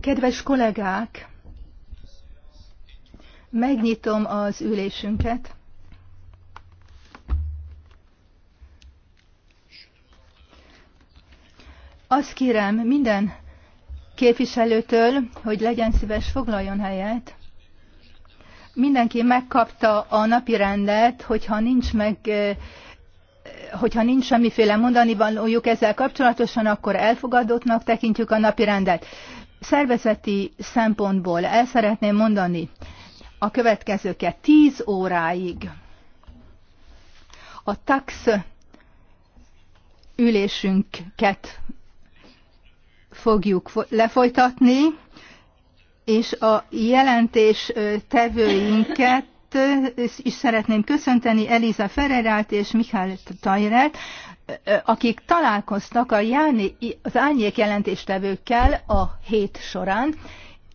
Kedves kollégák, megnyitom az ülésünket. Azt kérem minden képviselőtől, hogy legyen szíves, foglaljon helyet. Mindenki megkapta a rendet, hogyha nincs meg eh, hogyha nincs semmiféle mondani valójuk ezzel kapcsolatosan, akkor elfogadottnak tekintjük a napirendet. Szervezeti szempontból el szeretném mondani a következőket. 10 óráig a tax ülésünket fogjuk lefolytatni, és a jelentés tevőinket is szeretném köszönteni Eliza Ferrerát és Mihály Tajrát, akik találkoztak a járni, az árnyék jelentéstevőkkel a hét során,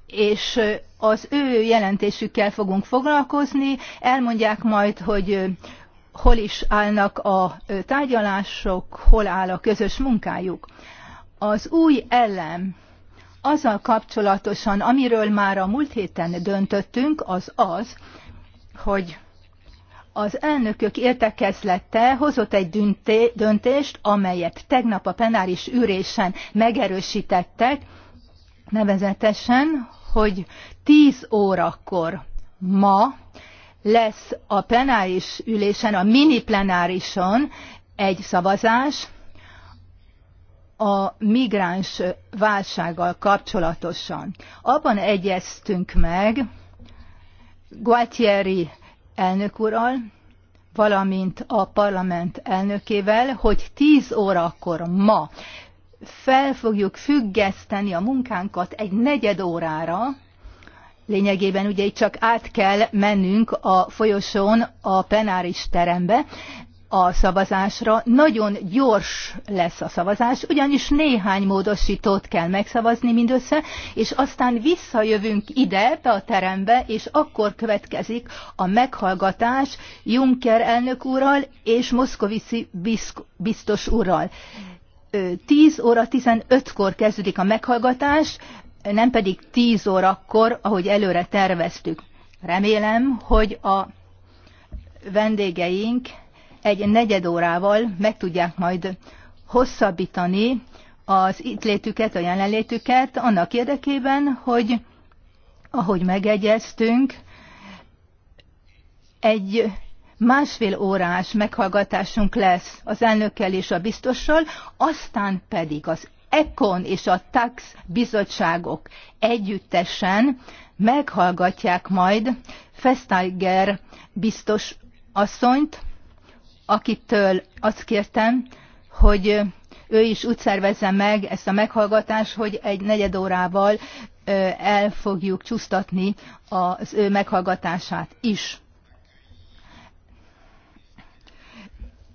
és az ő jelentésükkel fogunk foglalkozni, elmondják majd, hogy hol is állnak a tárgyalások, hol áll a közös munkájuk. Az új elem azzal kapcsolatosan, amiről már a múlt héten döntöttünk, az az, hogy az elnökök értekezlete hozott egy döntést, amelyet tegnap a penáris ürésen megerősítettek, nevezetesen, hogy 10 órakor ma lesz a plenáris ülésen, a mini plenárison egy szavazás a migráns válsággal kapcsolatosan. Abban egyeztünk meg, Gualtieri elnök ural, valamint a parlament elnökével, hogy 10 órakor ma fel fogjuk függeszteni a munkánkat egy negyed órára, lényegében ugye itt csak át kell mennünk a folyosón a plenáris terembe, a szavazásra. Nagyon gyors lesz a szavazás, ugyanis néhány módosítót kell megszavazni mindössze, és aztán visszajövünk ide, be a terembe, és akkor következik a meghallgatás Juncker elnök úrral és Moszkovici biztos úrral. 10 óra 15-kor kezdődik a meghallgatás, nem pedig 10 órakor, ahogy előre terveztük. Remélem, hogy a vendégeink egy negyed órával meg tudják majd hosszabbítani az itt létüket, a jelenlétüket, annak érdekében, hogy ahogy megegyeztünk, egy másfél órás meghallgatásunk lesz az elnökkel és a biztossal, aztán pedig az ECON és a TAX bizottságok együttesen meghallgatják majd Festiger biztos asszonyt, akitől azt kértem, hogy ő is úgy szervezze meg ezt a meghallgatást, hogy egy negyed órával el fogjuk csúsztatni az ő meghallgatását is.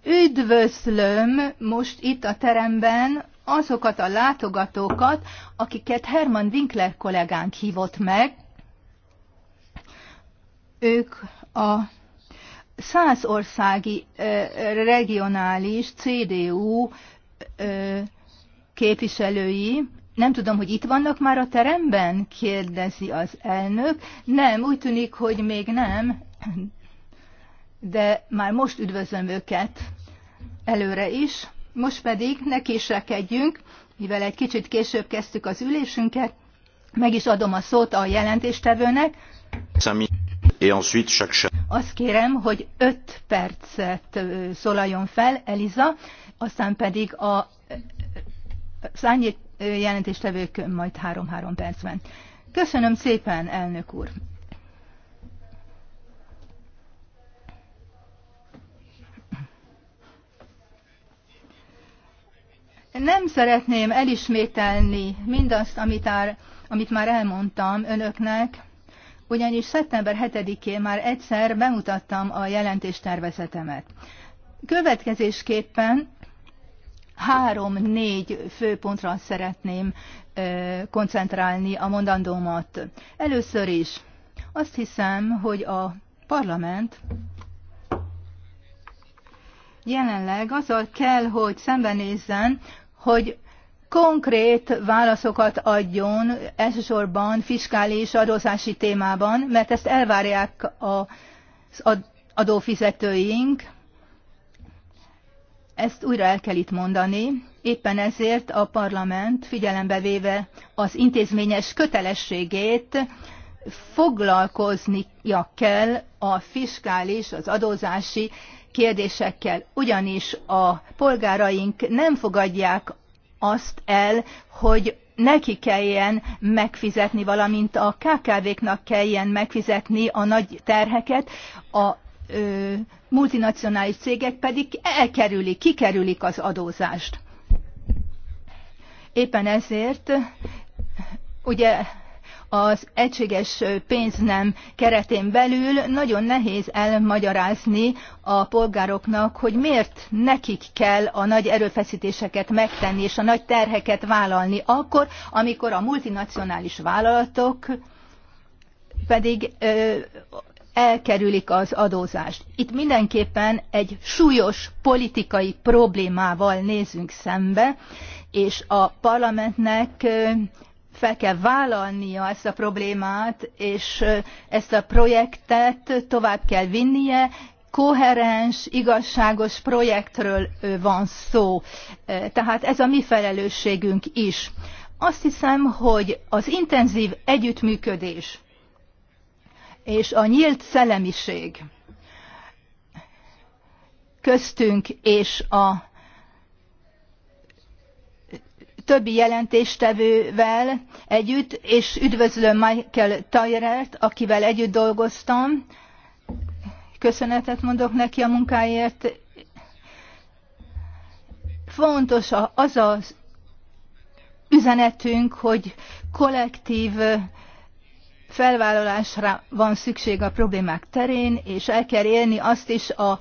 Üdvözlöm most itt a teremben azokat a látogatókat, akiket Herman Winkler kollégánk hívott meg. Ők a száz országi regionális CDU képviselői, nem tudom, hogy itt vannak már a teremben, kérdezi az elnök. Nem, úgy tűnik, hogy még nem, de már most üdvözlöm őket előre is. Most pedig ne késrekedjünk, mivel egy kicsit később kezdtük az ülésünket, meg is adom a szót a jelentéstevőnek et ensuite chaque Azt kérem, hogy 5 percet szólaljon fel Eliza, aztán pedig a szányi jelentéstevők majd 3-3 percben. Köszönöm szépen, elnök úr! Nem szeretném elismételni mindazt, amit ár, amit már elmondtam önöknek, ugyanis szeptember 7-én már egyszer bemutattam a jelentéstervezetemet. Következésképpen három-négy főpontra szeretném koncentrálni a mondandómat. Először is azt hiszem, hogy a parlament jelenleg azzal kell, hogy szembenézzen, hogy konkrét válaszokat adjon, elsősorban fiskális adózási témában, mert ezt elvárják az adófizetőink. Ezt újra el kell itt mondani. Éppen ezért a parlament figyelembe véve az intézményes kötelességét foglalkoznia kell a fiskális, az adózási kérdésekkel, ugyanis a polgáraink nem fogadják azt el, hogy neki kelljen megfizetni, valamint a KKV-knak kelljen megfizetni a nagy terheket, a ö, multinacionális cégek pedig elkerülik, kikerülik az adózást. Éppen ezért ugye az egységes pénznem keretén belül nagyon nehéz elmagyarázni a polgároknak, hogy miért nekik kell a nagy erőfeszítéseket megtenni és a nagy terheket vállalni akkor, amikor a multinacionális vállalatok pedig ö, elkerülik az adózást. Itt mindenképpen egy súlyos politikai problémával nézünk szembe, és a parlamentnek fel kell vállalnia ezt a problémát, és ezt a projektet tovább kell vinnie, koherens, igazságos projektről van szó. Tehát ez a mi felelősségünk is. Azt hiszem, hogy az intenzív együttműködés és a nyílt szellemiség köztünk és a többi jelentéstevővel együtt, és üdvözlöm Michael Tyrert, akivel együtt dolgoztam. Köszönetet mondok neki a munkáért. Fontos az az üzenetünk, hogy kollektív felvállalásra van szükség a problémák terén, és el kell élni azt is a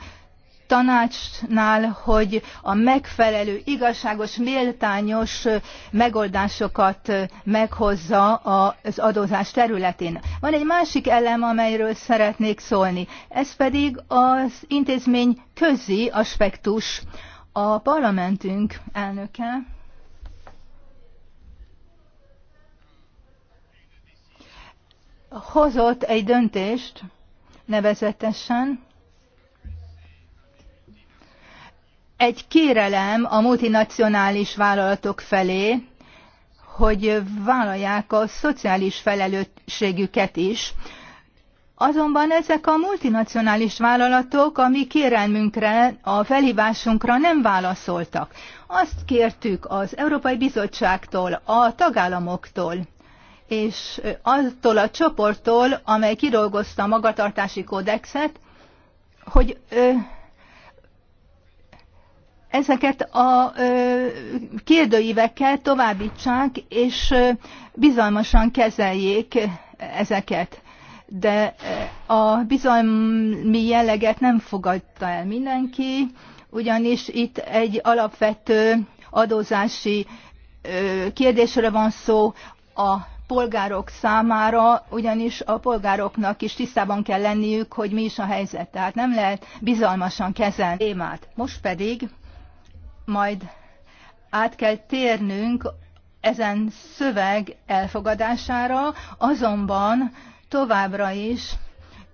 tanácsnál, hogy a megfelelő, igazságos, méltányos megoldásokat meghozza az adózás területén. Van egy másik elem, amelyről szeretnék szólni, ez pedig az intézmény közi aspektus. A parlamentünk elnöke hozott egy döntést, nevezetesen egy kérelem a multinacionális vállalatok felé, hogy vállalják a szociális felelősségüket is. Azonban ezek a multinacionális vállalatok a mi kérelmünkre, a felhívásunkra nem válaszoltak. Azt kértük az Európai Bizottságtól, a tagállamoktól, és attól a csoporttól, amely kidolgozta a magatartási kódexet, hogy ezeket a kérdőívekkel továbbítsák, és bizalmasan kezeljék ezeket. De a bizalmi jelleget nem fogadta el mindenki, ugyanis itt egy alapvető adózási kérdésre van szó a polgárok számára, ugyanis a polgároknak is tisztában kell lenniük, hogy mi is a helyzet. Tehát nem lehet bizalmasan kezelni témát. Most pedig majd át kell térnünk ezen szöveg elfogadására, azonban továbbra is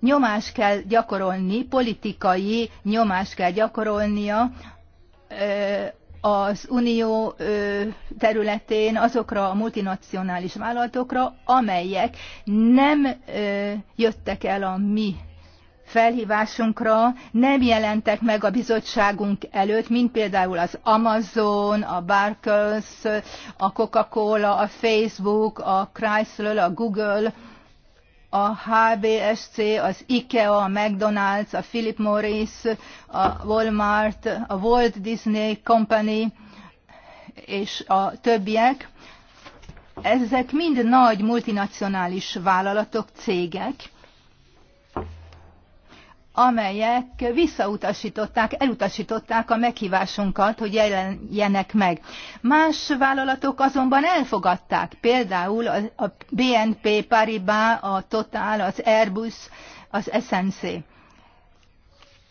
nyomást kell gyakorolni, politikai nyomást kell gyakorolnia az unió területén azokra a multinacionális vállalatokra, amelyek nem jöttek el a mi felhívásunkra nem jelentek meg a bizottságunk előtt, mint például az Amazon, a Barkers, a Coca-Cola, a Facebook, a Chrysler, a Google, a HBSC, az IKEA, a McDonald's, a Philip Morris, a Walmart, a Walt Disney Company és a többiek. Ezek mind nagy multinacionális vállalatok, cégek, amelyek visszautasították, elutasították a meghívásunkat, hogy jelenjenek meg. Más vállalatok azonban elfogadták, például a BNP Paribas, a Total, az Airbus, az SNC.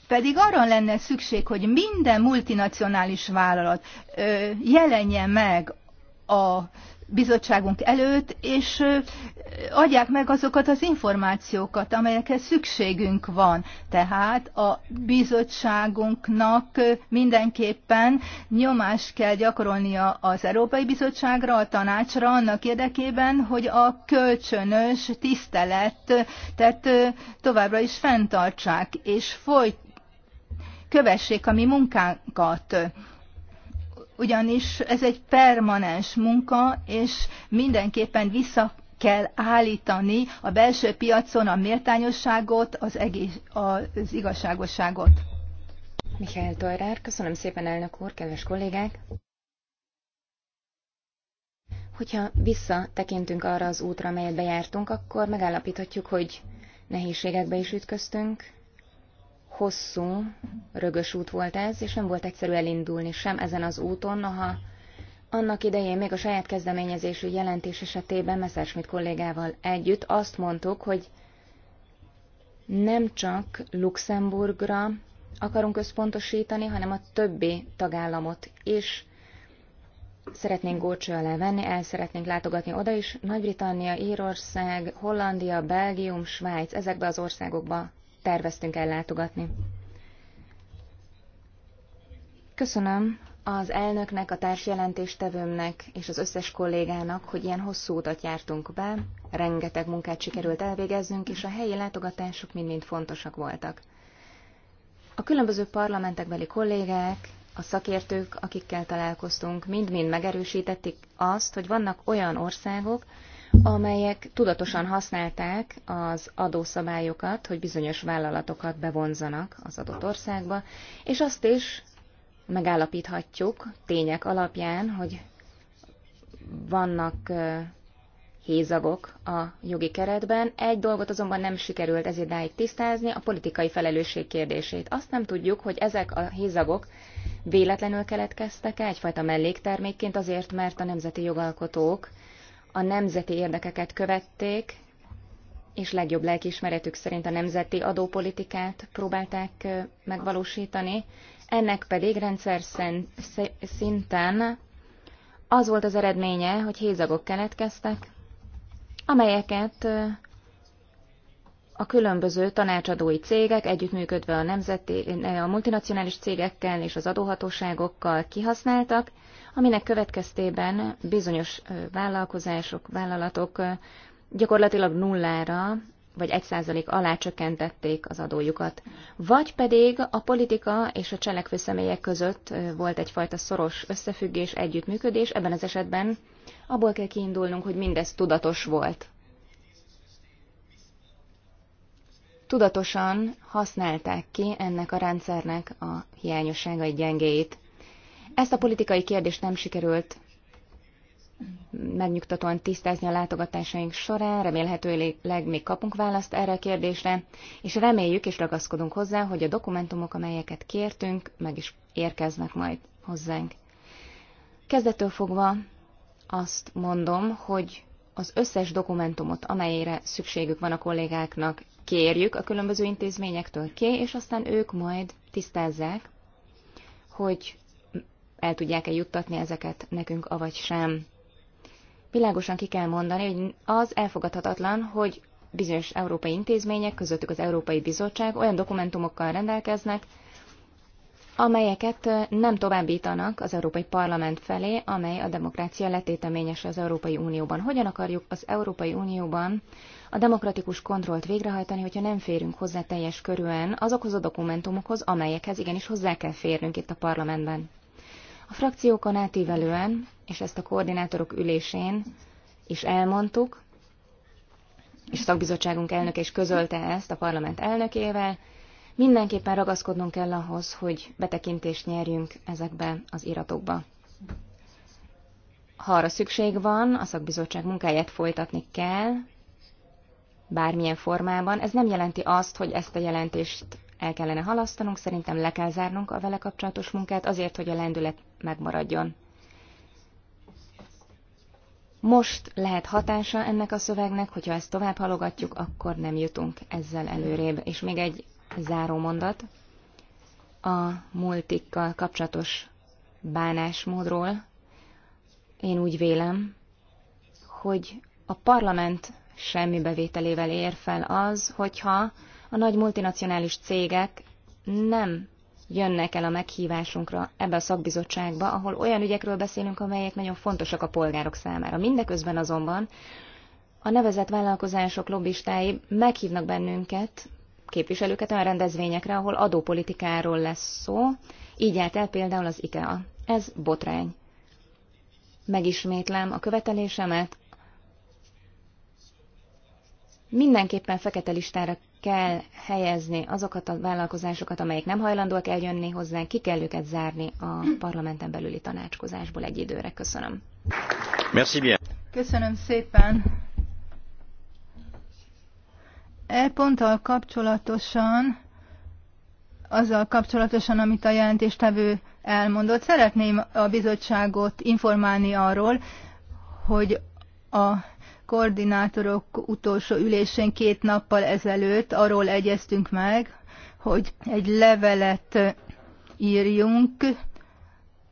Pedig arra lenne szükség, hogy minden multinacionális vállalat ö, jelenje meg a bizottságunk előtt, és adják meg azokat az információkat, amelyekhez szükségünk van. Tehát a bizottságunknak mindenképpen nyomást kell gyakorolnia az Európai Bizottságra, a tanácsra annak érdekében, hogy a kölcsönös tisztelet, tehát továbbra is fenntartsák, és folyt kövessék a mi munkánkat ugyanis ez egy permanens munka, és mindenképpen vissza kell állítani a belső piacon a méltányosságot, az, egész, az igazságosságot. Mihály Tojrár, köszönöm szépen elnök úr, kedves kollégák! Hogyha visszatekintünk arra az útra, amelyet bejártunk, akkor megállapíthatjuk, hogy nehézségekbe is ütköztünk, hosszú, rögös út volt ez, és nem volt egyszerű elindulni sem ezen az úton, noha annak idején még a saját kezdeményezésű jelentés esetében Messerschmidt kollégával együtt azt mondtuk, hogy nem csak Luxemburgra akarunk összpontosítani, hanem a többi tagállamot is szeretnénk górcső alá venni, el szeretnénk látogatni oda is. Nagy-Britannia, Írország, Hollandia, Belgium, Svájc, ezekbe az országokba terveztünk ellátogatni. Köszönöm az elnöknek, a társjelentéstevőmnek és az összes kollégának, hogy ilyen hosszú utat jártunk be, rengeteg munkát sikerült elvégeznünk, és a helyi látogatások mind-mind fontosak voltak. A különböző parlamentekbeli kollégák, a szakértők, akikkel találkoztunk, mind-mind megerősítették azt, hogy vannak olyan országok, amelyek tudatosan használták az adószabályokat, hogy bizonyos vállalatokat bevonzanak az adott országba, és azt is megállapíthatjuk tények alapján, hogy vannak hézagok a jogi keretben. Egy dolgot azonban nem sikerült ezért idáig tisztázni, a politikai felelősség kérdését. Azt nem tudjuk, hogy ezek a hézagok véletlenül keletkeztek-e egyfajta melléktermékként azért, mert a nemzeti jogalkotók a nemzeti érdekeket követték, és legjobb lelkiismeretük szerint a nemzeti adópolitikát próbálták megvalósítani, ennek pedig rendszer szinten az volt az eredménye, hogy hézagok keletkeztek, amelyeket a különböző tanácsadói cégek együttműködve a, nemzeti, a multinacionális cégekkel és az adóhatóságokkal kihasználtak, aminek következtében bizonyos vállalkozások, vállalatok gyakorlatilag nullára vagy százalék alá csökkentették az adójukat. Vagy pedig a politika és a cselekvő személyek között volt egyfajta szoros összefüggés, együttműködés, ebben az esetben abból kell kiindulnunk, hogy mindez tudatos volt. tudatosan használták ki ennek a rendszernek a hiányosságai gyengéit. Ezt a politikai kérdést nem sikerült megnyugtatóan tisztázni a látogatásaink során, remélhetőleg még kapunk választ erre a kérdésre, és reméljük és ragaszkodunk hozzá, hogy a dokumentumok, amelyeket kértünk, meg is érkeznek majd hozzánk. Kezdettől fogva azt mondom, hogy az összes dokumentumot, amelyre szükségük van a kollégáknak, kérjük a különböző intézményektől ki, és aztán ők majd tisztázzák, hogy el tudják-e juttatni ezeket nekünk, avagy sem. Világosan ki kell mondani, hogy az elfogadhatatlan, hogy bizonyos európai intézmények, közöttük az Európai Bizottság olyan dokumentumokkal rendelkeznek, amelyeket nem továbbítanak az Európai Parlament felé, amely a demokrácia letéteményes az Európai Unióban. Hogyan akarjuk az Európai Unióban a demokratikus kontrollt végrehajtani, hogyha nem férünk hozzá teljes körülön azokhoz a dokumentumokhoz, amelyekhez igenis hozzá kell férnünk itt a parlamentben. A frakciókon átívelően, és ezt a koordinátorok ülésén is elmondtuk, és a szakbizottságunk elnöke is közölte ezt a parlament elnökével, Mindenképpen ragaszkodnunk kell ahhoz, hogy betekintést nyerjünk ezekbe az iratokba. Ha arra szükség van, a szakbizottság munkáját folytatni kell, bármilyen formában. Ez nem jelenti azt, hogy ezt a jelentést el kellene halasztanunk, szerintem le kell zárnunk a vele kapcsolatos munkát azért, hogy a lendület megmaradjon. Most lehet hatása ennek a szövegnek, hogyha ezt tovább halogatjuk, akkor nem jutunk ezzel előrébb. És még egy záró mondat, a multikkal kapcsolatos bánásmódról. Én úgy vélem, hogy a parlament semmi bevételével ér fel az, hogyha a nagy multinacionális cégek nem jönnek el a meghívásunkra ebbe a szakbizottságba, ahol olyan ügyekről beszélünk, amelyek nagyon fontosak a polgárok számára. Mindeközben azonban a nevezett vállalkozások lobbistái meghívnak bennünket képviselőket olyan rendezvényekre, ahol adópolitikáról lesz szó. Így állt el például az IKEA. Ez botrány. Megismétlem a követelésemet. Mindenképpen fekete listára kell helyezni azokat a vállalkozásokat, amelyek nem hajlandóak eljönni hozzánk, ki kell őket zárni a parlamenten belüli tanácskozásból egy időre. Köszönöm. Merci bien. Köszönöm szépen. E ponttal kapcsolatosan, azzal kapcsolatosan, amit a jelentéstevő elmondott, szeretném a bizottságot informálni arról, hogy a koordinátorok utolsó ülésén két nappal ezelőtt arról egyeztünk meg, hogy egy levelet írjunk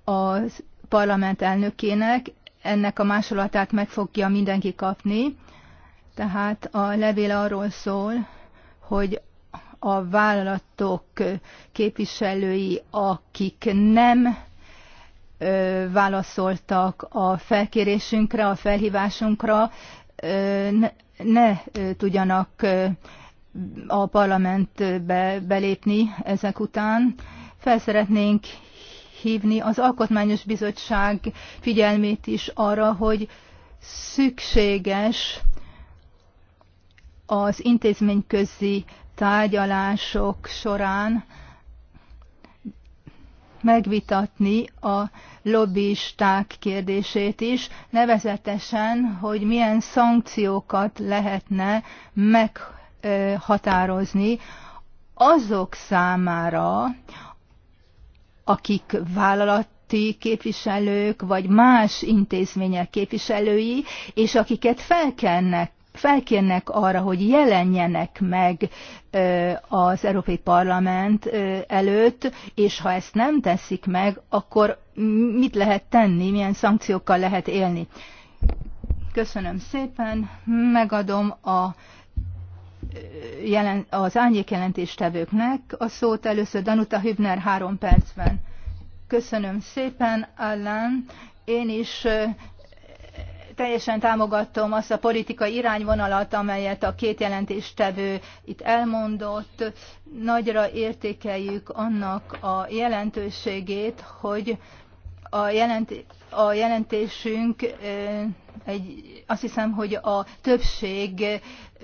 a parlament elnökének, ennek a másolatát meg fogja mindenki kapni. Tehát a levél arról szól, hogy a vállalatok képviselői, akik nem válaszoltak a felkérésünkre, a felhívásunkra, ne tudjanak a parlamentbe belépni ezek után. Felszeretnénk hívni az Alkotmányos Bizottság figyelmét is arra, hogy szükséges az intézményközi tárgyalások során megvitatni a lobbisták kérdését is, nevezetesen, hogy milyen szankciókat lehetne meghatározni azok számára, akik vállalat képviselők, vagy más intézmények képviselői, és akiket felkennek felkérnek arra, hogy jelenjenek meg az Európai Parlament előtt, és ha ezt nem teszik meg, akkor mit lehet tenni, milyen szankciókkal lehet élni. Köszönöm szépen, megadom a jelen, az jelentéstevőknek a szót. Először Danuta Hübner három percben. Köszönöm szépen, Allan. Én is teljesen támogatom azt a politikai irányvonalat, amelyet a két jelentéstevő itt elmondott. Nagyra értékeljük annak a jelentőségét, hogy a, jelent, a jelentésünk egy, azt hiszem, hogy a többség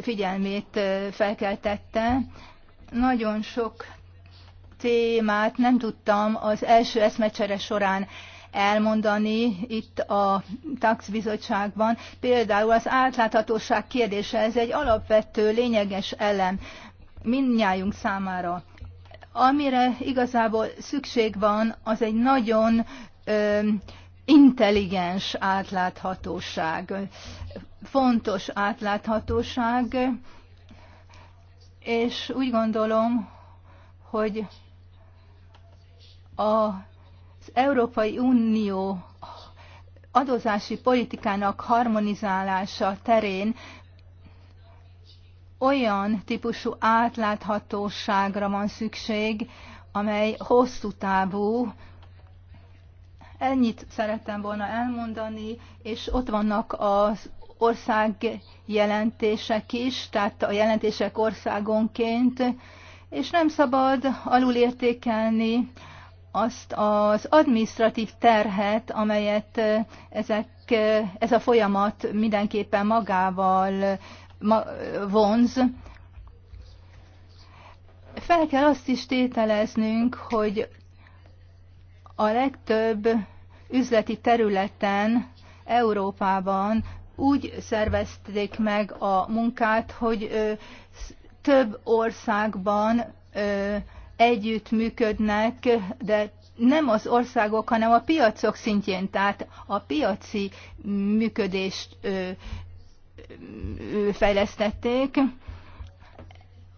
figyelmét felkeltette. Nagyon sok témát nem tudtam az első eszmecsere során elmondani itt a TAX bizottságban. Például az átláthatóság kérdése, ez egy alapvető, lényeges elem mindnyájunk számára. Amire igazából szükség van, az egy nagyon ö, intelligens átláthatóság, fontos átláthatóság, és úgy gondolom, hogy a Európai Unió adózási politikának harmonizálása terén olyan típusú átláthatóságra van szükség, amely hosszú távú. Ennyit szerettem volna elmondani, és ott vannak az ország jelentések is, tehát a jelentések országonként, és nem szabad alulértékelni azt az administratív terhet, amelyet ezek, ez a folyamat mindenképpen magával vonz. Fel kell azt is tételeznünk, hogy a legtöbb üzleti területen Európában úgy szervezték meg a munkát, hogy több országban együtt működnek, de nem az országok, hanem a piacok szintjén, tehát a piaci működést ö, ö, fejlesztették,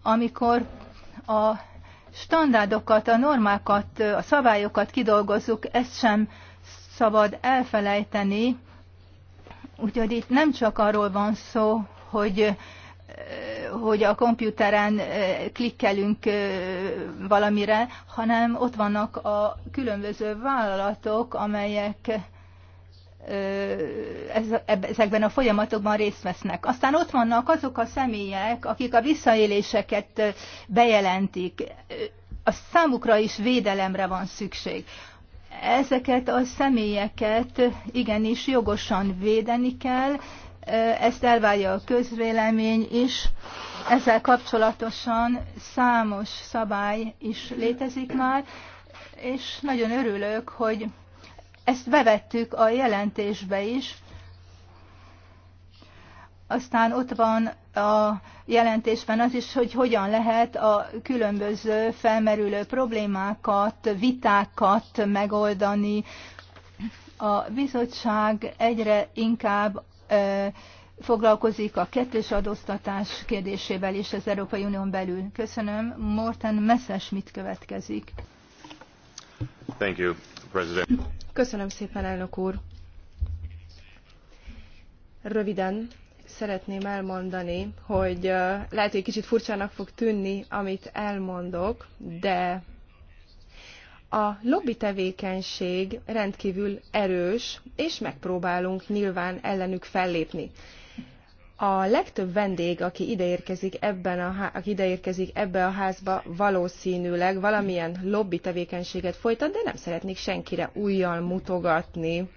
amikor a standardokat, a normákat, a szabályokat kidolgozzuk, ezt sem szabad elfelejteni, úgyhogy itt nem csak arról van szó, hogy hogy a komputeren klikkelünk valamire, hanem ott vannak a különböző vállalatok, amelyek ezekben a folyamatokban részt vesznek. Aztán ott vannak azok a személyek, akik a visszaéléseket bejelentik. A számukra is védelemre van szükség. Ezeket a személyeket igenis jogosan védeni kell, ezt elvárja a közvélemény is. Ezzel kapcsolatosan számos szabály is létezik már, és nagyon örülök, hogy ezt bevettük a jelentésbe is. Aztán ott van a jelentésben az is, hogy hogyan lehet a különböző felmerülő problémákat, vitákat megoldani. A bizottság egyre inkább foglalkozik a kettős adóztatás kérdésével is az Európai Unión belül. Köszönöm. Morten Messes mit következik? Thank you, President. Köszönöm szépen, elnök úr. Röviden szeretném elmondani, hogy lehet, hogy kicsit furcsának fog tűnni, amit elmondok, de a lobby tevékenység rendkívül erős, és megpróbálunk nyilván ellenük fellépni. A legtöbb vendég, aki ideérkezik, ebben a, aki ideérkezik ebbe a házba, valószínűleg valamilyen lobby tevékenységet folytat, de nem szeretnék senkire újjal mutogatni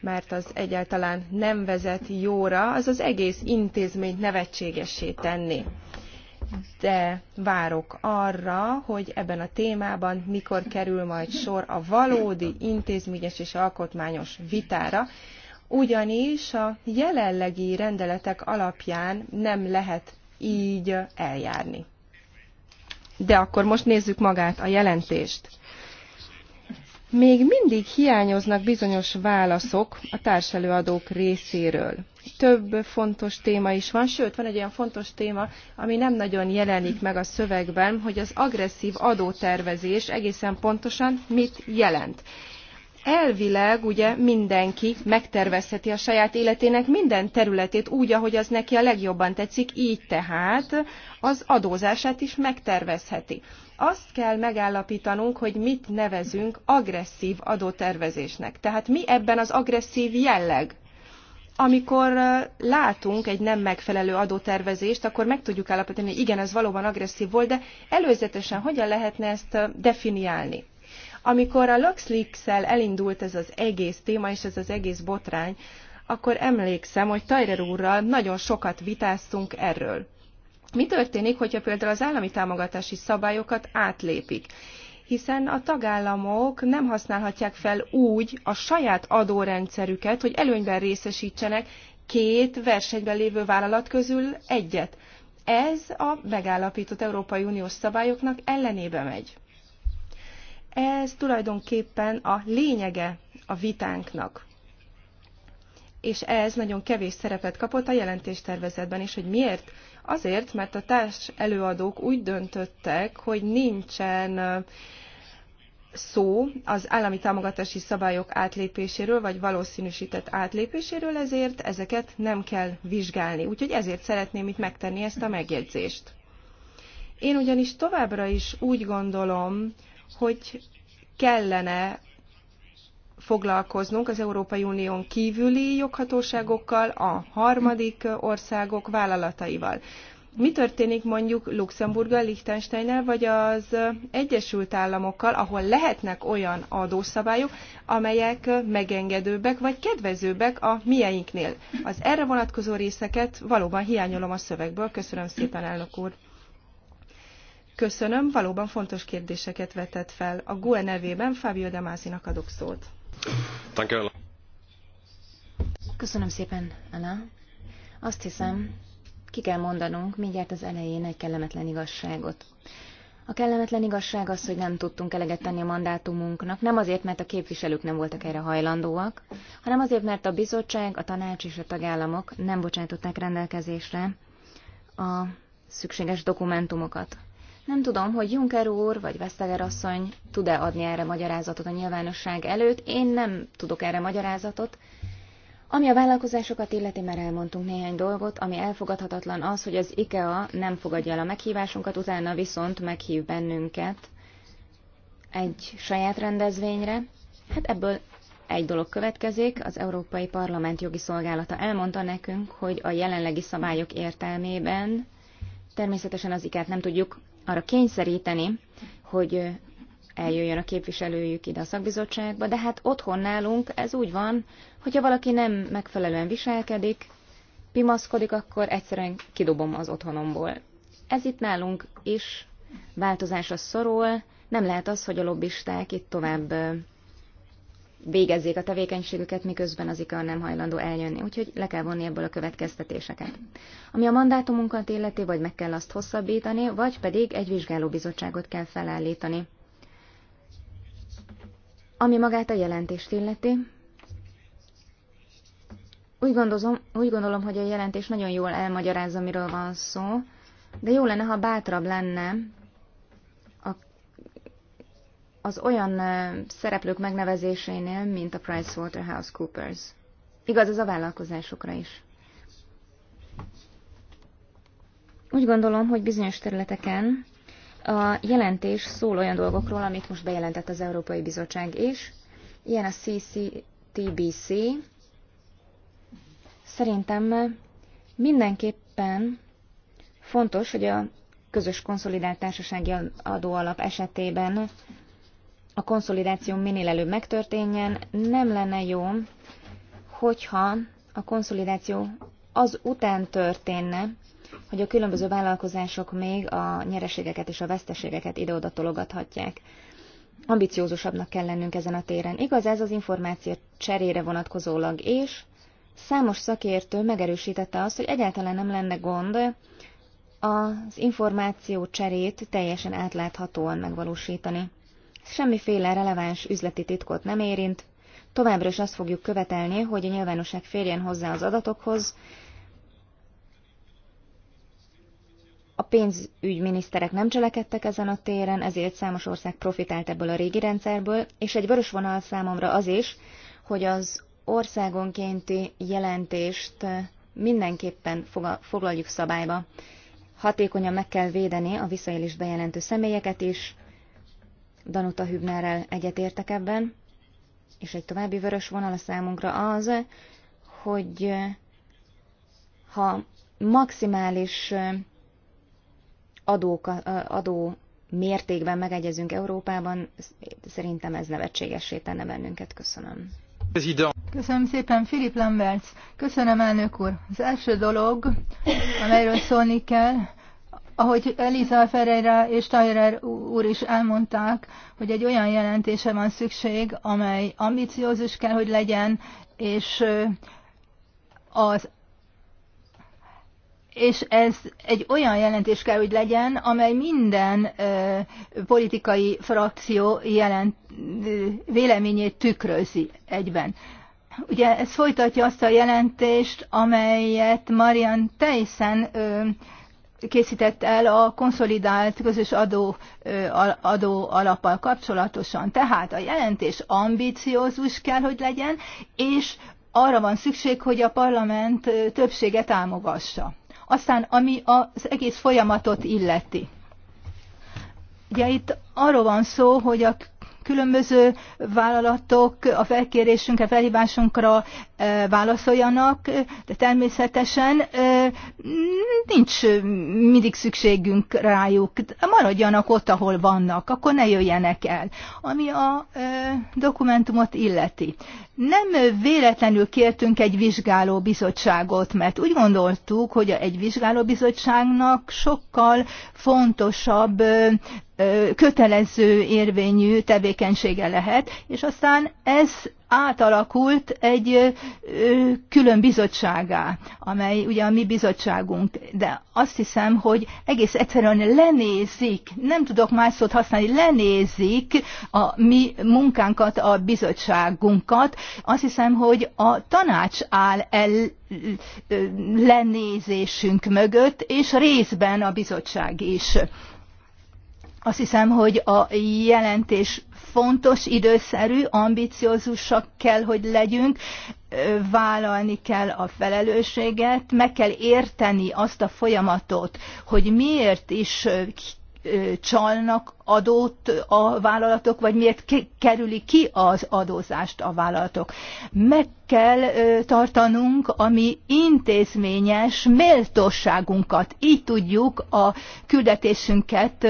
mert az egyáltalán nem vezet jóra, az az egész intézményt nevetségessé tenni de várok arra, hogy ebben a témában mikor kerül majd sor a valódi intézményes és alkotmányos vitára, ugyanis a jelenlegi rendeletek alapján nem lehet így eljárni. De akkor most nézzük magát a jelentést. Még mindig hiányoznak bizonyos válaszok a társelőadók részéről. Több fontos téma is van, sőt, van egy olyan fontos téma, ami nem nagyon jelenik meg a szövegben, hogy az agresszív adótervezés egészen pontosan mit jelent elvileg ugye mindenki megtervezheti a saját életének minden területét úgy, ahogy az neki a legjobban tetszik, így tehát az adózását is megtervezheti azt kell megállapítanunk, hogy mit nevezünk agresszív adótervezésnek. Tehát mi ebben az agresszív jelleg? Amikor látunk egy nem megfelelő adótervezést, akkor meg tudjuk állapítani, hogy igen, ez valóban agresszív volt, de előzetesen hogyan lehetne ezt definiálni? Amikor a LuxLeaks-el elindult ez az egész téma és ez az egész botrány, akkor emlékszem, hogy Tajrer úrral nagyon sokat vitáztunk erről mi történik, hogyha például az állami támogatási szabályokat átlépik? hiszen a tagállamok nem használhatják fel úgy a saját adórendszerüket, hogy előnyben részesítsenek két versenyben lévő vállalat közül egyet. Ez a megállapított Európai Uniós szabályoknak ellenébe megy. Ez tulajdonképpen a lényege a vitánknak. És ez nagyon kevés szerepet kapott a jelentéstervezetben, és hogy miért Azért, mert a társ előadók úgy döntöttek, hogy nincsen szó az állami támogatási szabályok átlépéséről, vagy valószínűsített átlépéséről, ezért ezeket nem kell vizsgálni. Úgyhogy ezért szeretném itt megtenni ezt a megjegyzést. Én ugyanis továbbra is úgy gondolom, hogy kellene foglalkoznunk az Európai Unión kívüli joghatóságokkal, a harmadik országok vállalataival. Mi történik mondjuk Luxemburggal, Liechtensteinnel, vagy az Egyesült Államokkal, ahol lehetnek olyan adószabályok, amelyek megengedőbbek vagy kedvezőbbek a mieinknél? Az erre vonatkozó részeket valóban hiányolom a szövegből. Köszönöm szépen, elnök úr! Köszönöm, valóban fontos kérdéseket vetett fel. A GUE nevében Fábio Damázinak adok szót. Köszönöm szépen, Anna. Azt hiszem, ki kell mondanunk mindjárt az elején egy kellemetlen igazságot. A kellemetlen igazság az, hogy nem tudtunk eleget tenni a mandátumunknak, nem azért, mert a képviselők nem voltak erre hajlandóak, hanem azért, mert a bizottság, a tanács és a tagállamok nem bocsátották rendelkezésre a szükséges dokumentumokat. Nem tudom, hogy Juncker úr vagy Veszteger asszony tud-e adni erre magyarázatot a nyilvánosság előtt. Én nem tudok erre magyarázatot. Ami a vállalkozásokat illeti, már elmondtunk néhány dolgot, ami elfogadhatatlan az, hogy az IKEA nem fogadja el a meghívásunkat, utána viszont meghív bennünket egy saját rendezvényre. Hát ebből egy dolog következik, az Európai Parlament jogi szolgálata elmondta nekünk, hogy a jelenlegi szabályok értelmében természetesen az ikát nem tudjuk arra kényszeríteni, hogy eljöjjön a képviselőjük ide a szakbizottságba, de hát otthon nálunk ez úgy van, hogyha valaki nem megfelelően viselkedik, pimaszkodik, akkor egyszerűen kidobom az otthonomból. Ez itt nálunk is változásra szorul, nem lehet az, hogy a lobbisták itt tovább végezzék a tevékenységüket, miközben az ICAO nem hajlandó eljönni. Úgyhogy le kell vonni ebből a következtetéseket. Ami a mandátumunkat illeti, vagy meg kell azt hosszabbítani, vagy pedig egy vizsgálóbizottságot kell felállítani. Ami magát a jelentést illeti, úgy, gondozom, úgy gondolom, hogy a jelentés nagyon jól elmagyarázza, miről van szó, de jó lenne, ha bátrabb lenne az olyan szereplők megnevezésénél, mint a PricewaterhouseCoopers. Igaz ez a vállalkozásokra is. Úgy gondolom, hogy bizonyos területeken a jelentés szól olyan dolgokról, amit most bejelentett az Európai Bizottság is. Ilyen a CCTBC. Szerintem mindenképpen fontos, hogy a közös konszolidált társasági adóalap esetében a konszolidáció minél előbb megtörténjen. Nem lenne jó, hogyha a konszolidáció az után történne, hogy a különböző vállalkozások még a nyereségeket és a veszteségeket ide-oda tologathatják. Ambiciózusabbnak kell lennünk ezen a téren. Igaz ez az információ cserére vonatkozólag, és számos szakértő megerősítette azt, hogy egyáltalán nem lenne gond az információ cserét teljesen átláthatóan megvalósítani semmiféle releváns üzleti titkot nem érint, továbbra is azt fogjuk követelni, hogy a nyilvánosság férjen hozzá az adatokhoz, A pénzügyminiszterek nem cselekedtek ezen a téren, ezért számos ország profitált ebből a régi rendszerből, és egy vörös vonal számomra az is, hogy az országonkénti jelentést mindenképpen foglaljuk szabályba. Hatékonyan meg kell védeni a visszaélés bejelentő személyeket is, Danuta Hübnerrel egyetértek ebben, és egy további vörös vonal a számunkra az, hogy eh, ha maximális eh, adók, eh, adó mértékben megegyezünk Európában, szerintem ez nevetségessé tenne bennünket. Köszönöm. Köszönöm szépen, Filip Lamberts. Köszönöm, elnök úr. Az első dolog, amelyről szólni kell, ahogy Eliza Ferreira és Tyrer úr is elmondták, hogy egy olyan jelentése van szükség, amely ambiciózus kell, hogy legyen, és az és ez egy olyan jelentés kell, hogy legyen, amely minden ö, politikai frakció jelent, ö, véleményét tükrözi egyben. Ugye ez folytatja azt a jelentést, amelyet Marian Teyssen készített el a konszolidált közös adó, adó alappal kapcsolatosan. Tehát a jelentés ambiciózus kell, hogy legyen, és arra van szükség, hogy a parlament többsége támogassa. Aztán, ami az egész folyamatot illeti. Ugye itt arról van szó, hogy a különböző vállalatok a felkérésünkre, felhívásunkra eh, válaszoljanak, de természetesen eh, nincs eh, mindig szükségünk rájuk. Maradjanak ott, ahol vannak, akkor ne jöjjenek el. Ami a dokumentumot illeti. Nem véletlenül kértünk egy vizsgáló bizottságot, mert úgy gondoltuk, hogy egy vizsgáló bizottságnak sokkal fontosabb kötelező érvényű tevékenysége lehet, és aztán ez átalakult egy külön bizottságá, amely ugye a mi bizottságunk, de azt hiszem, hogy egész egyszerűen lenézik, nem tudok más szót használni, lenézik a mi munkánkat, a bizottságunkat. Azt hiszem, hogy a tanács áll el lenézésünk mögött, és részben a bizottság is. Azt hiszem, hogy a jelentés fontos, időszerű, ambiciózusak kell, hogy legyünk, vállalni kell a felelősséget, meg kell érteni azt a folyamatot, hogy miért is csalnak adót a vállalatok, vagy miért kerüli ki az adózást a vállalatok. Meg kell tartanunk a mi intézményes méltóságunkat. Így tudjuk a küldetésünket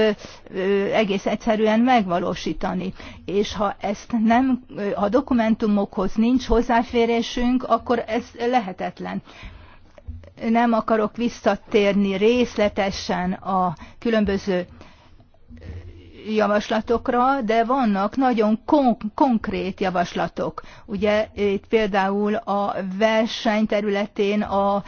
egész egyszerűen megvalósítani. És ha ezt nem, a dokumentumokhoz nincs hozzáférésünk, akkor ez lehetetlen nem akarok visszatérni részletesen a különböző javaslatokra, de vannak nagyon kon- konkrét javaslatok. Ugye itt például a verseny területén a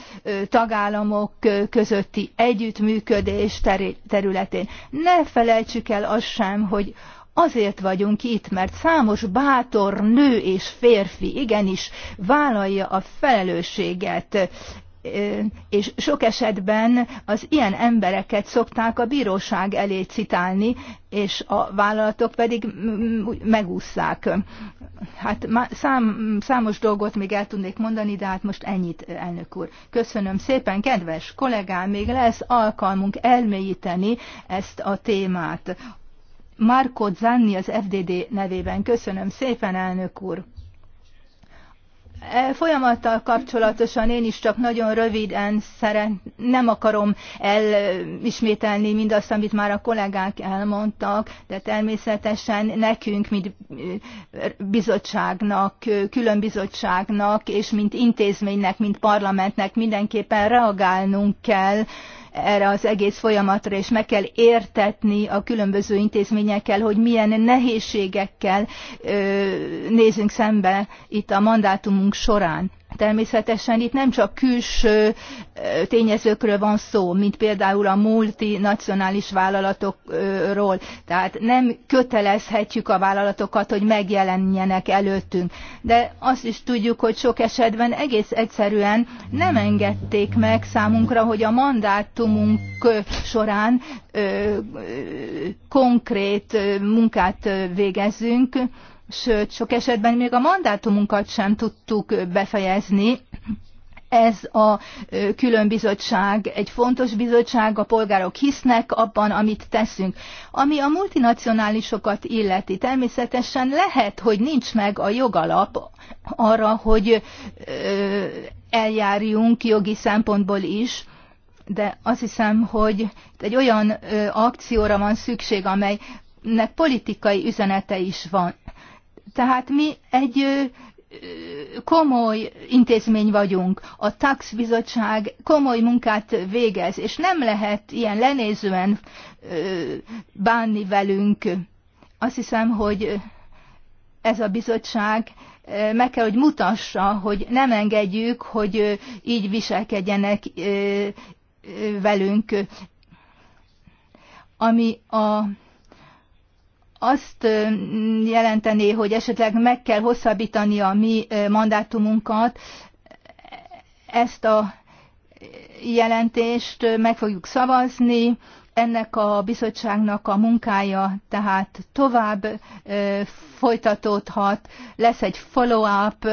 tagállamok közötti együttműködés területén. Ne felejtsük el azt sem, hogy Azért vagyunk itt, mert számos bátor nő és férfi igenis vállalja a felelősséget és sok esetben az ilyen embereket szokták a bíróság elé citálni, és a vállalatok pedig megúszszák. Hát szám, számos dolgot még el tudnék mondani, de hát most ennyit, elnök úr. Köszönöm szépen, kedves kollégám, még lesz alkalmunk elmélyíteni ezt a témát. Marco Zanni az FDD nevében. Köszönöm szépen, elnök úr. E, folyamattal kapcsolatosan én is csak nagyon röviden szeret, nem akarom elismételni mindazt, amit már a kollégák elmondtak, de természetesen nekünk, mint e, bizottságnak, e, külön bizottságnak, és mint intézménynek, mint parlamentnek mindenképpen reagálnunk kell erre az egész folyamatra, és meg kell értetni a különböző intézményekkel, hogy milyen nehézségekkel nézünk szembe itt a mandátumunk során. Természetesen itt nem csak külső tényezőkről van szó, mint például a multinacionális vállalatokról. Tehát nem kötelezhetjük a vállalatokat, hogy megjelenjenek előttünk. De azt is tudjuk, hogy sok esetben egész egyszerűen nem engedték meg számunkra, hogy a mandátumunk során konkrét munkát végezzünk sőt, sok esetben még a mandátumunkat sem tudtuk befejezni. Ez a bizottság egy fontos bizottság, a polgárok hisznek abban, amit teszünk. Ami a multinacionálisokat illeti, természetesen lehet, hogy nincs meg a jogalap arra, hogy eljárjunk jogi szempontból is, de azt hiszem, hogy egy olyan akcióra van szükség, amelynek politikai üzenete is van. Tehát mi egy komoly intézmény vagyunk, a TAX bizottság komoly munkát végez, és nem lehet ilyen lenézően bánni velünk. Azt hiszem, hogy ez a bizottság meg kell, hogy mutassa, hogy nem engedjük, hogy így viselkedjenek velünk. Ami a azt jelenteni, hogy esetleg meg kell hosszabbítani a mi mandátumunkat, ezt a jelentést meg fogjuk szavazni, ennek a bizottságnak a munkája tehát tovább folytatódhat, lesz egy follow-up,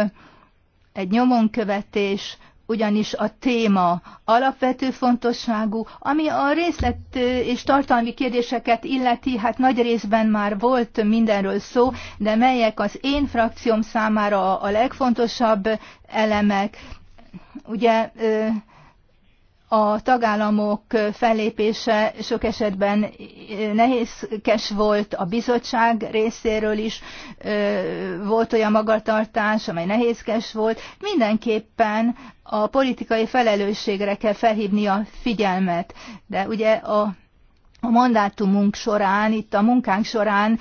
egy nyomonkövetés, ugyanis a téma alapvető fontosságú, ami a részlet és tartalmi kérdéseket illeti, hát nagy részben már volt mindenről szó, de melyek az én frakcióm számára a legfontosabb elemek. Ugye a tagállamok fellépése sok esetben nehézkes volt, a bizottság részéről is volt olyan magatartás, amely nehézkes volt. Mindenképpen a politikai felelősségre kell felhívni a figyelmet, de ugye a a mandátumunk során, itt a munkánk során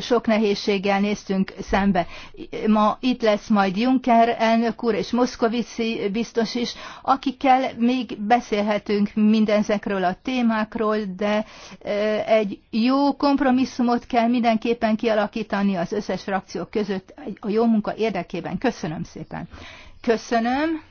sok nehézséggel néztünk szembe. Ma itt lesz majd Juncker elnök úr és Moszkovici biztos is, akikkel még beszélhetünk mindezekről a témákról, de egy jó kompromisszumot kell mindenképpen kialakítani az összes frakciók között a jó munka érdekében. Köszönöm szépen. Köszönöm.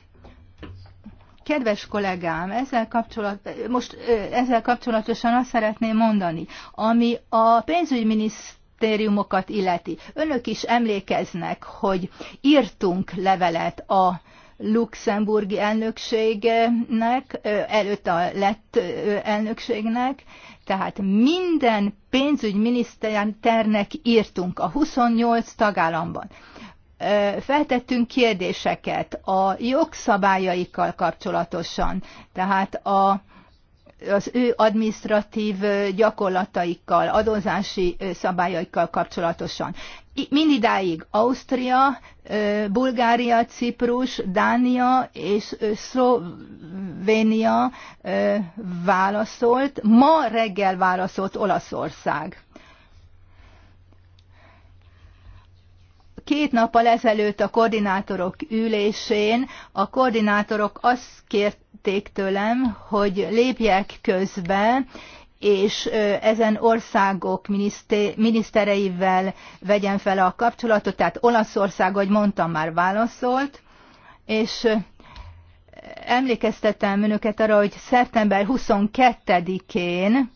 Kedves kollégám, ezzel, kapcsolat, most ezzel kapcsolatosan azt szeretném mondani, ami a pénzügyminisztériumokat illeti. Önök is emlékeznek, hogy írtunk levelet a luxemburgi elnökségnek, előtt a lett elnökségnek, tehát minden pénzügyminiszternek írtunk a 28 tagállamban feltettünk kérdéseket a jogszabályaikkal kapcsolatosan, tehát a, az ő administratív gyakorlataikkal, adózási szabályaikkal kapcsolatosan. Mindidáig Ausztria, Bulgária, Ciprus, Dánia és Szlovénia válaszolt, ma reggel válaszolt Olaszország. Két nappal ezelőtt a koordinátorok ülésén a koordinátorok azt kérték tőlem, hogy lépjek közbe, és ezen országok minisztereivel vegyen fel a kapcsolatot, tehát Olaszország, ahogy mondtam, már válaszolt, és emlékeztettem önöket arra, hogy szeptember 22-én,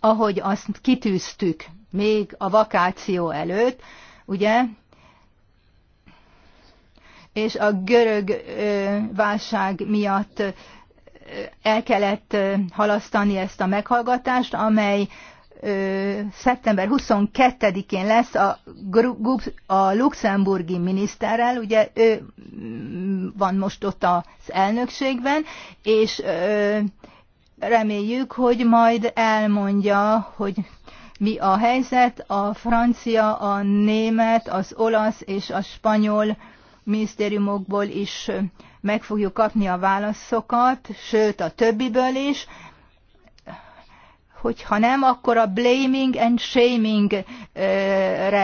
ahogy azt kitűztük még a vakáció előtt, ugye? És a görög válság miatt el kellett halasztani ezt a meghallgatást, amely szeptember 22-én lesz a, a luxemburgi miniszterrel, ugye ő mm, van most ott az elnökségben, és reméljük, hogy majd elmondja, hogy mi a helyzet a francia, a német, az olasz és a spanyol minisztériumokból is meg fogjuk kapni a válaszokat, sőt a többiből is. Hogyha nem, akkor a blaming and shamingre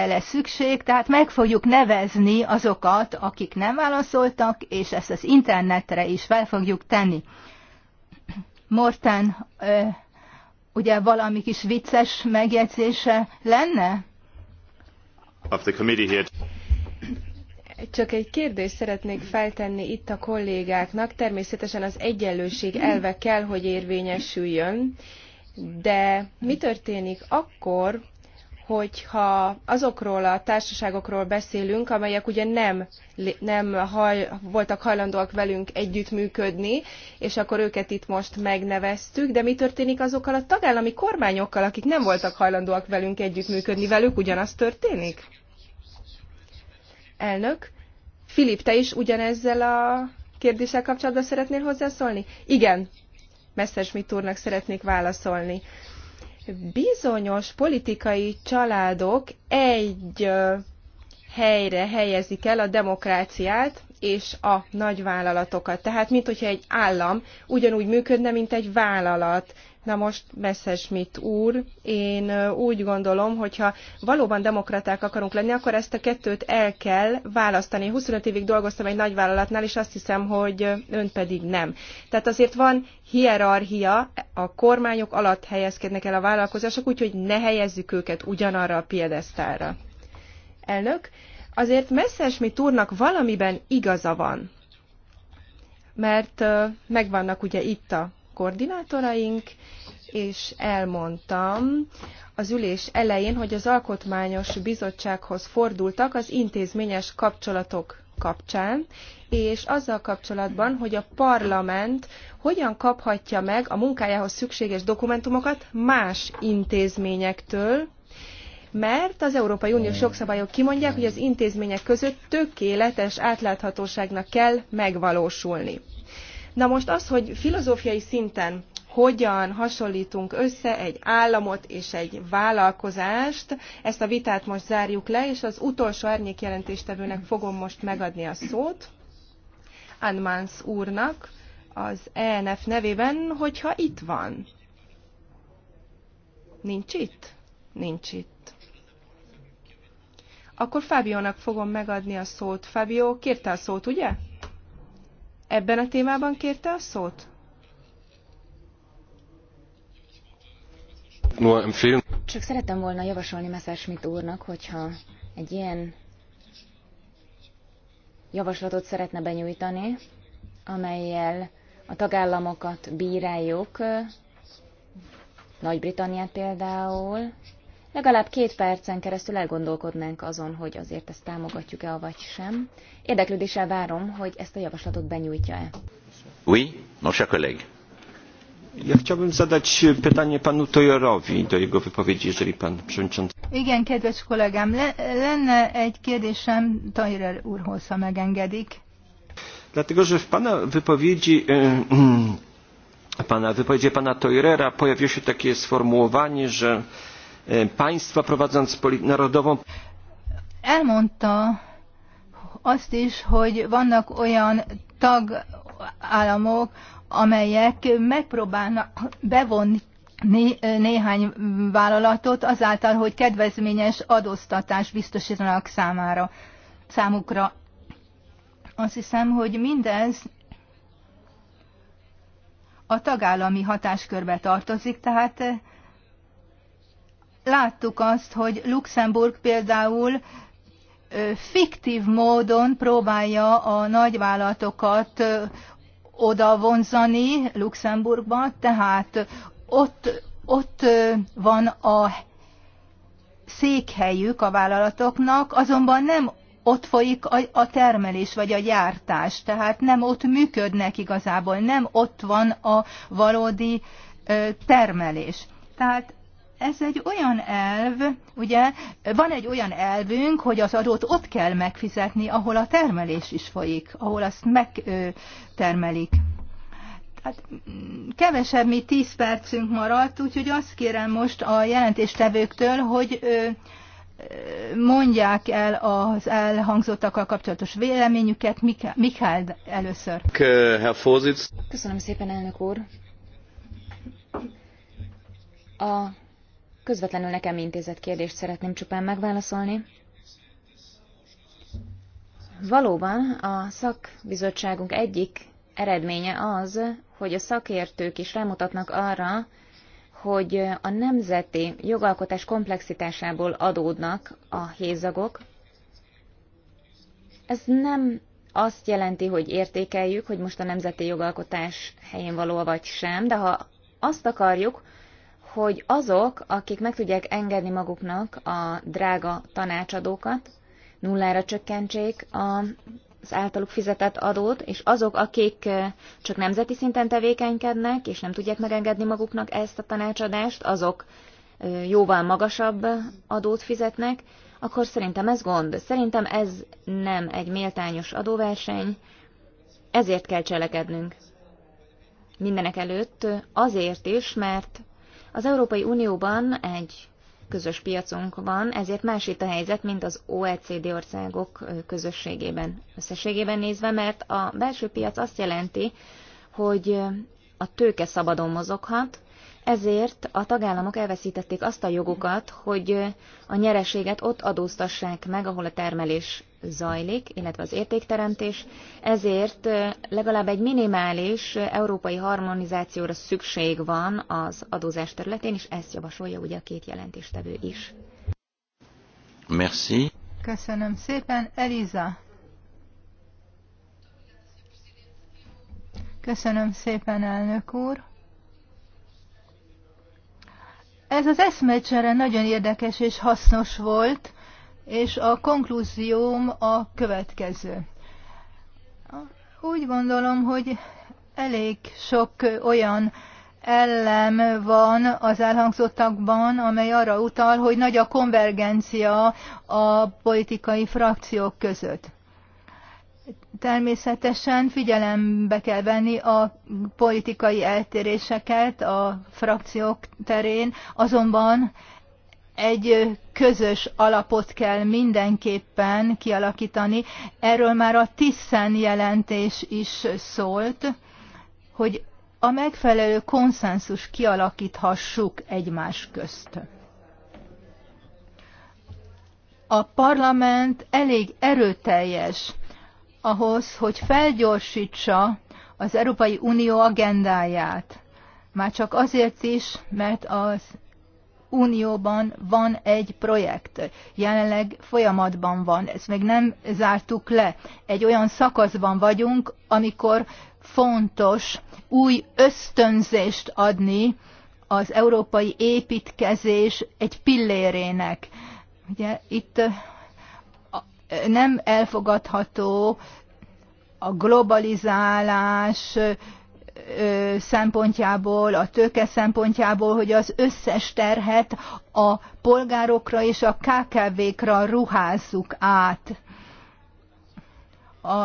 lesz szükség, tehát meg fogjuk nevezni azokat, akik nem válaszoltak, és ezt az internetre is fel fogjuk tenni. Morten ugye valami kis vicces megjegyzése lenne? Of the committee here. Csak egy kérdést szeretnék feltenni itt a kollégáknak. Természetesen az egyenlőség elve kell, hogy érvényesüljön, de mi történik akkor, hogyha azokról a társaságokról beszélünk, amelyek ugye nem, nem haj, voltak hajlandóak velünk együttműködni, és akkor őket itt most megneveztük, de mi történik azokkal a tagállami kormányokkal, akik nem voltak hajlandóak velünk együttműködni, velük ugyanaz történik? Elnök, Filip, te is ugyanezzel a kérdéssel kapcsolatban szeretnél hozzászólni? Igen, Messerschmitt úrnak szeretnék válaszolni bizonyos politikai családok egy helyre helyezik el a demokráciát és a nagyvállalatokat. Tehát, mint hogyha egy állam ugyanúgy működne, mint egy vállalat. Na most Messerschmitt úr, én úgy gondolom, hogyha valóban demokraták akarunk lenni, akkor ezt a kettőt el kell választani. 25 évig dolgoztam egy nagyvállalatnál, és azt hiszem, hogy ön pedig nem. Tehát azért van hierarchia, a kormányok alatt helyezkednek el a vállalkozások, úgyhogy ne helyezzük őket ugyanarra a piedesztára. Elnök, azért Messerschmitt úrnak valamiben igaza van, mert megvannak ugye itt a koordinátoraink, és elmondtam az ülés elején, hogy az Alkotmányos Bizottsághoz fordultak az intézményes kapcsolatok kapcsán, és azzal kapcsolatban, hogy a parlament hogyan kaphatja meg a munkájához szükséges dokumentumokat más intézményektől, mert az Európai Uniós jogszabályok kimondják, hogy az intézmények között tökéletes átláthatóságnak kell megvalósulni. Na most az, hogy filozófiai szinten hogyan hasonlítunk össze egy államot és egy vállalkozást. Ezt a vitát most zárjuk le, és az utolsó árnyékjelentéstevőnek fogom most megadni a szót, Anmans úrnak, az ENF nevében, hogyha itt van. Nincs itt? Nincs itt. Akkor Fábiónak fogom megadni a szót. Fábió, kérte a szót, ugye? Ebben a témában kérte a szót? Csak szerettem volna javasolni Messerschmidt úrnak, hogyha egy ilyen javaslatot szeretne benyújtani, amelyel a tagállamokat bíráljuk, Nagy-Britanniát például, legalább két percen keresztül elgondolkodnánk azon, hogy azért ezt támogatjuk-e, vagy sem. Érdeklődéssel várom, hogy ezt a javaslatot benyújtja-e. Oui, nos, a kollég. Ja chciałbym zadać pytanie panu Toyorowi do jego wypowiedzi, jeżeli pan przewodniczący. Igen, kedves kollégám, le, lenne egy kérdésem Toyer úrhoz, ha megengedik. Dlatego, że w pana wypowiedzi pana wypowiedzi pana Toyrera pojawiło się takie sformułowanie, że E, państwa prowadząc narodową. Elmondta azt is, hogy vannak olyan tagállamok, amelyek megpróbálnak bevonni néhány vállalatot azáltal, hogy kedvezményes adóztatást biztosítanak számára, számukra. Azt hiszem, hogy mindez a tagállami hatáskörbe tartozik, tehát láttuk azt, hogy Luxemburg például fiktív módon próbálja a nagyvállalatokat oda vonzani Luxemburgba, tehát ott, ott van a székhelyük a vállalatoknak, azonban nem ott folyik a, a termelés vagy a gyártás, tehát nem ott működnek igazából, nem ott van a valódi ö, termelés. Tehát ez egy olyan elv, ugye van egy olyan elvünk, hogy az adót ott kell megfizetni, ahol a termelés is folyik, ahol azt megtermelik. Hát kevesebb, mint 10 percünk maradt, úgyhogy azt kérem most a jelentéstevőktől, hogy ö, mondják el az elhangzottakkal kapcsolatos véleményüket. Mikhail először. Köszönöm szépen, elnök úr. A Közvetlenül nekem intézett kérdést szeretném csupán megválaszolni. Valóban a szakbizottságunk egyik eredménye az, hogy a szakértők is rámutatnak arra, hogy a nemzeti jogalkotás komplexitásából adódnak a hézagok. Ez nem azt jelenti, hogy értékeljük, hogy most a nemzeti jogalkotás helyén való vagy sem, de ha azt akarjuk, hogy azok, akik meg tudják engedni maguknak a drága tanácsadókat, nullára csökkentsék a az általuk fizetett adót, és azok, akik csak nemzeti szinten tevékenykednek, és nem tudják megengedni maguknak ezt a tanácsadást, azok jóval magasabb adót fizetnek, akkor szerintem ez gond. Szerintem ez nem egy méltányos adóverseny, ezért kell cselekednünk. Mindenek előtt azért is, mert az Európai Unióban egy közös piacunk van, ezért más itt a helyzet, mint az OECD országok közösségében, összességében nézve, mert a belső piac azt jelenti, hogy a tőke szabadon mozoghat, ezért a tagállamok elveszítették azt a jogukat, hogy a nyereséget ott adóztassák meg, ahol a termelés zajlik, illetve az értékteremtés, ezért legalább egy minimális európai harmonizációra szükség van az adózás területén, és ezt javasolja ugye a két jelentéstevő is. Merci. Köszönöm szépen. Eliza. Köszönöm szépen, elnök úr. Ez az eszmecsere nagyon érdekes és hasznos volt, és a konklúzióm a következő. Úgy gondolom, hogy elég sok olyan ellem van az elhangzottakban, amely arra utal, hogy nagy a konvergencia a politikai frakciók között. Természetesen figyelembe kell venni a politikai eltéréseket a frakciók terén, azonban egy közös alapot kell mindenképpen kialakítani. Erről már a Tiszen jelentés is szólt, hogy a megfelelő konszenzus kialakíthassuk egymás közt. A parlament elég erőteljes ahhoz, hogy felgyorsítsa az Európai Unió agendáját. Már csak azért is, mert az Unióban van egy projekt. Jelenleg folyamatban van, ezt még nem zártuk le. Egy olyan szakaszban vagyunk, amikor fontos új ösztönzést adni az európai építkezés egy pillérének. Ugye itt nem elfogadható a globalizálás szempontjából, a tőke szempontjából, hogy az összes terhet a polgárokra és a KKV-kra ruházzuk át. A,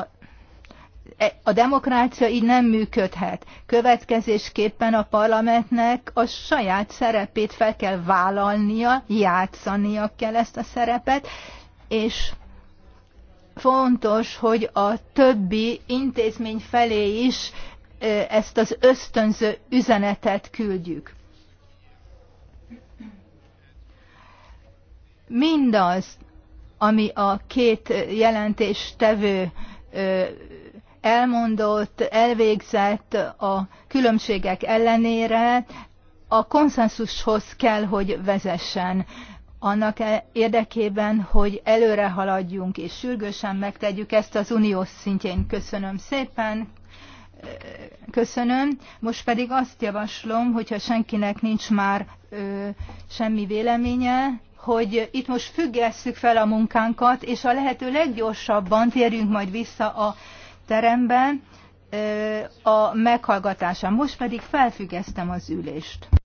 e, a demokrácia így nem működhet. Következésképpen a parlamentnek a saját szerepét fel kell vállalnia, játszania kell ezt a szerepet, és fontos, hogy a többi intézmény felé is ezt az ösztönző üzenetet küldjük. Mindaz, ami a két jelentéstevő elmondott, elvégzett a különbségek ellenére, a konszenzushoz kell, hogy vezessen annak e- érdekében, hogy előre haladjunk és sürgősen megtegyük ezt az uniós szintjén. Köszönöm szépen, köszönöm. Most pedig azt javaslom, hogyha senkinek nincs már ö, semmi véleménye, hogy itt most függesszük fel a munkánkat, és a lehető leggyorsabban térjünk majd vissza a terembe ö, a meghallgatásán. Most pedig felfüggesztem az ülést.